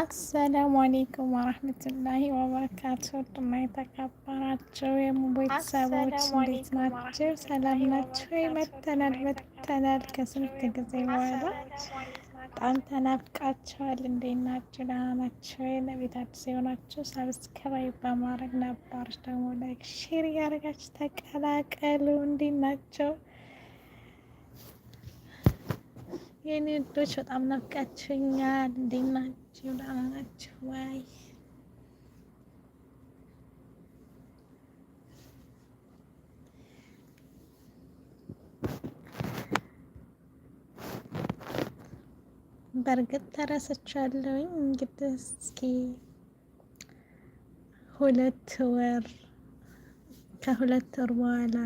አሰላሙ አሌይኩም ወረህመቱላሂ ወበረካቱ። ውድና የተከበራችሁ የቤተሰቦች እንዴት ናቸው? ሰላም ናቸው? መተናል መተናል ከስንት ጊዜ በኋላ በጣም ተናፍቃችኋል። እንዴት ናችሁ? ደህና ናቸው? ለቤት አዲስ የሆናችሁ ሰብስክራይብ በማድረግ ነባሮች ደግሞ ላይክ፣ ሼር እያደረጋችሁ ተቀላቀሉ። እንዴት ናቸው የኔ ውዶች? በጣም ናፍቃችሁኛል። እንዴት ናቸው? ናችሁ? ደህና ናችሁ ወይ? በእርግጥ ተረስቻለሁኝ። እንግዲህ እስኪ ሁለት ወር ከሁለት ወር በኋላ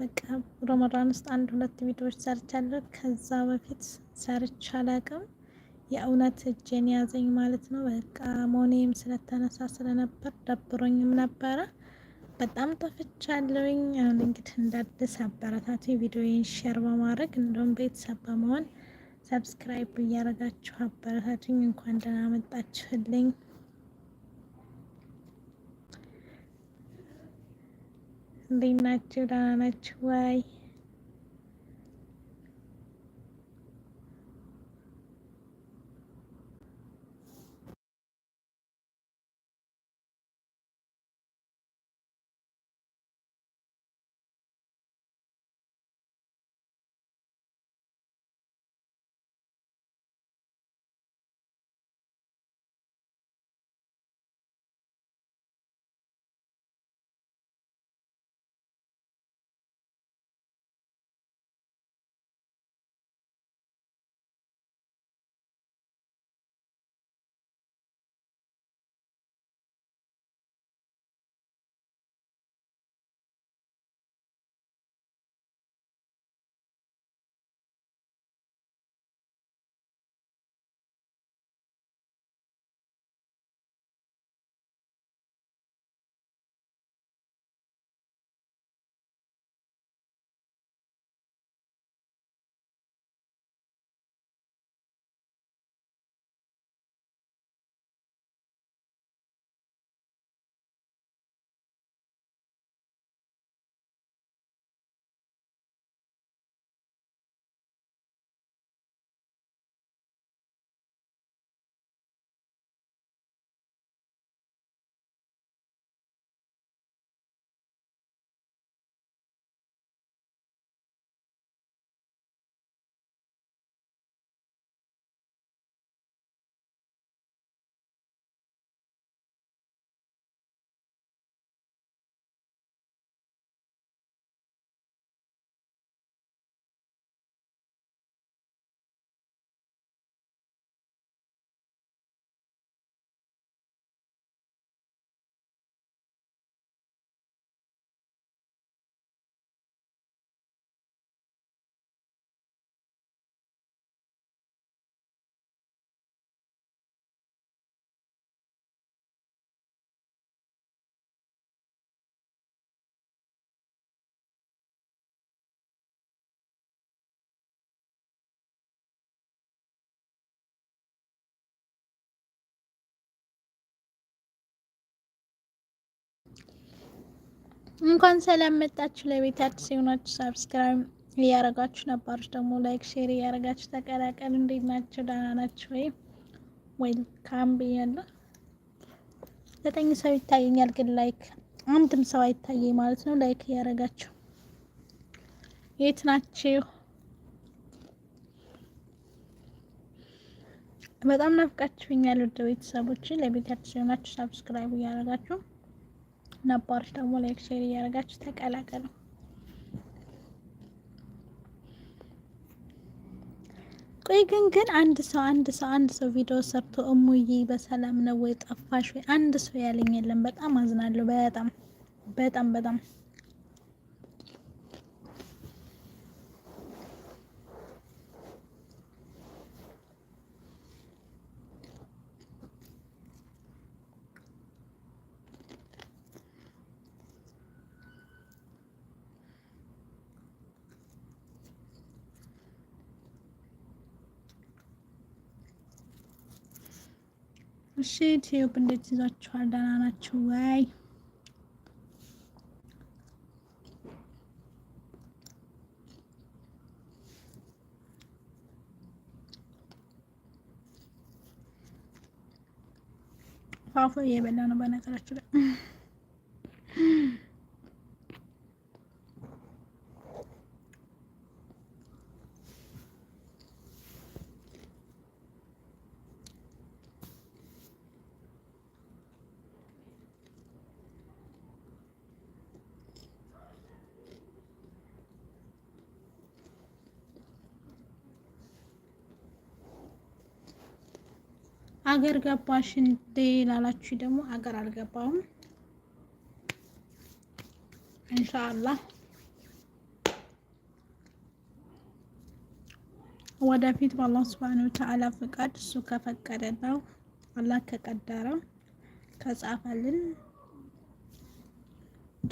በቃ ረመዳን ውስጥ አንድ ሁለት ቪዲዮዎች ሰርቻለሁ። ከዛ በፊት ሰርቻ አላቅም። የእውነት እጄን ያዘኝ ማለት ነው። በቃ ሞኔም ስለተነሳ ስለነበር ደብሮኝም ነበረ። በጣም ጠፍቻለሁኝ። አሁን እንግዲህ እንዳዲስ አበረታቱ ቪዲዮዬን ሼር በማድረግ እንደውም ቤተሰብ በመሆን ሰብስክራይብ እያደረጋችሁ አበረታቱኝ። እንኳን ደህና መጣችሁልኝ። እንዴት ናችሁ? ደህና ናችሁ ወይ? እንኳን ሰላም መጣችሁ። ለቤት አዲስ የሆናችሁ ሳብስክራይብ እያረጋችሁ ነባሮች ደግሞ ላይክ፣ ሼር እያረጋችሁ ተቀላቀል። እንዴት ናቸው? ደህና ናቸው ወይ? ዌልካም ብያለሁ። ዘጠኝ ሰው ይታየኛል፣ ግን ላይክ አንድም ሰው አይታየኝ ማለት ነው። ላይክ እያረጋችሁ የት ናችሁ? በጣም ናፍቃችሁኛል። ወደ ቤተሰቦች ለቤት አዲስ የሆናችሁ ሰብስክራይብ እያረጋችሁ ነባሮች ደግሞ ላይክ ሼር እያደረጋችሁ ተቀላቀሉ። ቆይ ግን ግን አንድ ሰው አንድ ሰው አንድ ሰው ቪዲዮ ሰርቶ እሙዬ በሰላም ነው ወይ ጠፋሽ ወይ አንድ ሰው ያለኝ የለም። በጣም አዝናለሁ። በጣም በጣም በጣም እሺ ቲዩብ እንዴት ይዟችኋል? ደህና ናችሁ ወይ? ፏፏቴ እየበላ ነው በነገራችሁ ላይ አገር ገባሽ እንዴ ላላችሁ ደግሞ አገር አልገባሁም። ኢንሻአላህ ወደፊት በአላህ ስብሃነ ወተዓላ ፍቃድ እሱ ከፈቀደ ነው አላህ ከቀደረው ከጻፈልን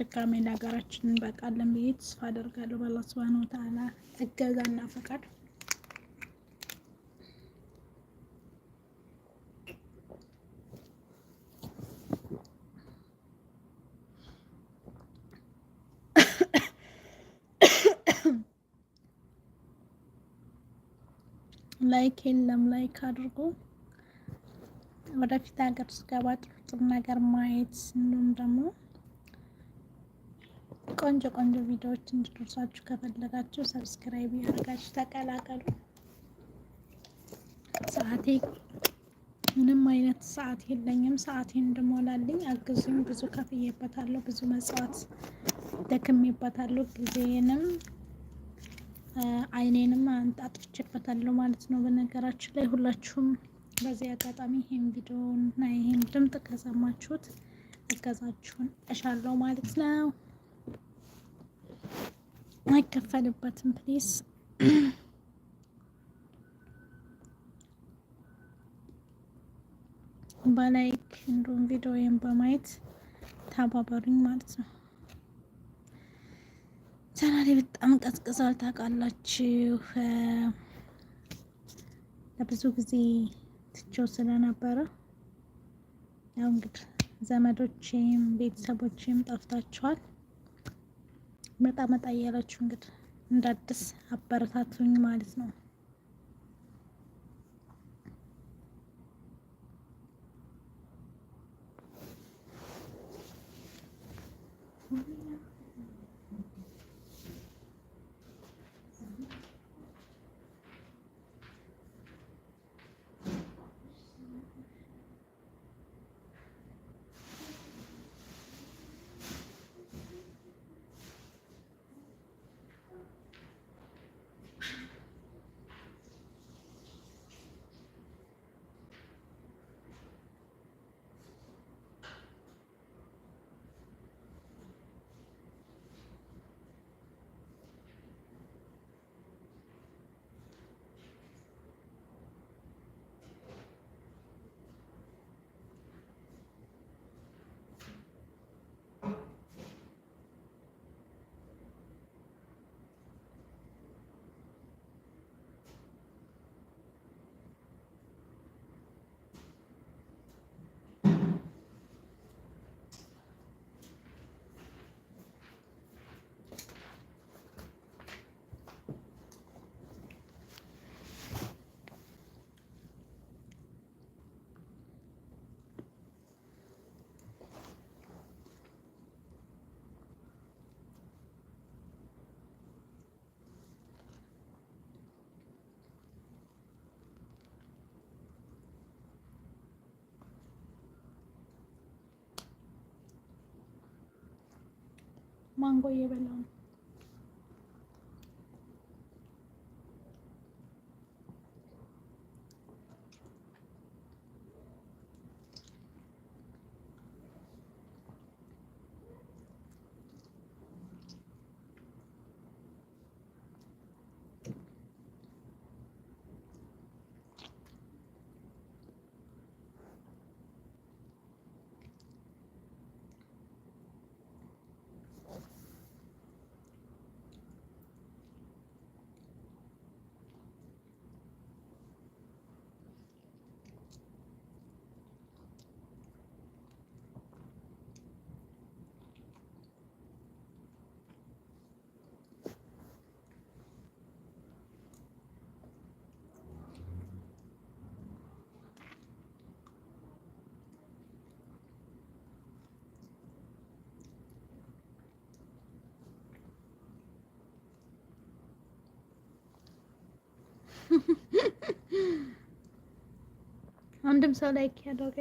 ድካሜ ለሀገራችን እንበቃለን ብዬ ተስፋ አደርጋለሁ በአላህ ሱብሃነሁ ወተዓላ እገዛና ፈቃድ ላይክ የለም ላይክ አድርጉ። ወደፊት ሀገር ስገባ ጥሩ ጥሩ ነገር ማየት እንዲሁም ደግሞ ቆንጆ ቆንጆ ቪዲዮዎች እንዲደርሳችሁ ከፈለጋችሁ ሰብስክራይብ ያደርጋችሁ ተቀላቀሉ። ሰዓቴ ምንም አይነት ሰዓት የለኝም። ሰዓቴ እንድሞላልኝ አግዙኝ። ብዙ ከፍዬበታለሁ፣ ብዙ መጽዋት ደክሜበታለሁ። ጊዜንም አይኔንም አጥፍቼበታለሁ ማለት ነው። በነገራችን ላይ ሁላችሁም በዚህ አጋጣሚ ይህም ቪዲዮ እና ይህም ድምጥ ከሰማችሁት እገዛችሁን እሻለሁ ማለት ነው። አይከፈልበትም ፕሊስ። በላይክ እንዲሁም ቪዲዮዬን በማየት ተባበሩኝ ማለት ነው። ቻናሌ በጣም ቀዝቅዟል ታውቃላችሁ። ለብዙ ጊዜ ትቼው ስለነበረ ያው እንግዲህ ዘመዶቼም ቤተሰቦቼም ጠፍታችኋል። መጣ መጣ እያላችሁ እንግዲህ እንዳድስ አበረታቱኝ ማለት ነው። ማንጎ እየበላው ነው። አንድም ሰው ላይክ ያደረገ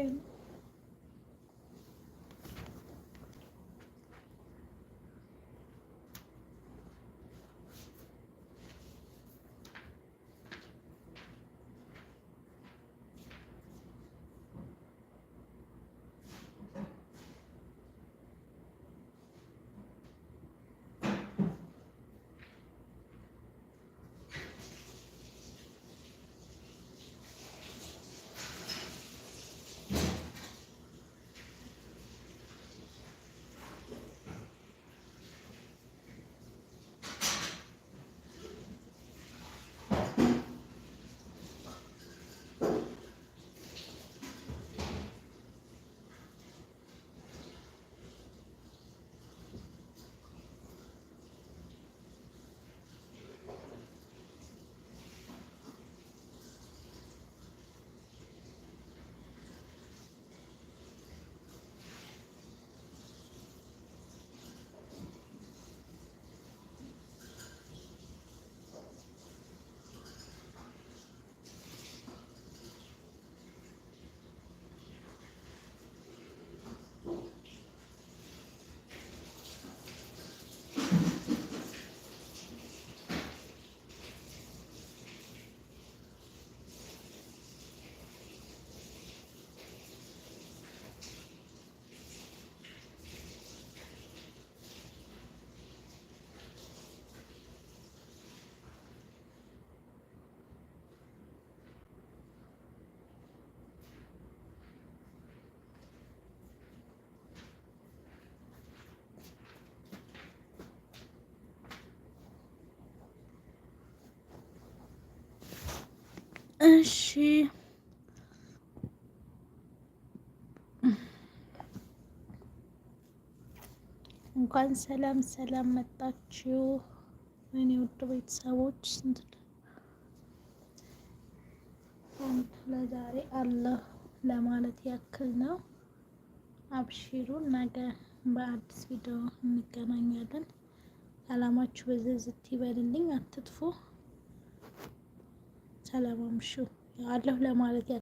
እሺ እንኳን ሰላም ሰላም መጣችሁ እኔ ውድ ቤተሰቦች። ስንት ለዛሬ አለሁ ለማለት ያክል ነው። አብሽሩ፣ ነገ በአዲስ ቪዲዮ እንገናኛለን። ሰላማችሁ በዝዝት ይበልልኝ። አትጥፉ። ሰላም አምሹ አለሁ ለማለት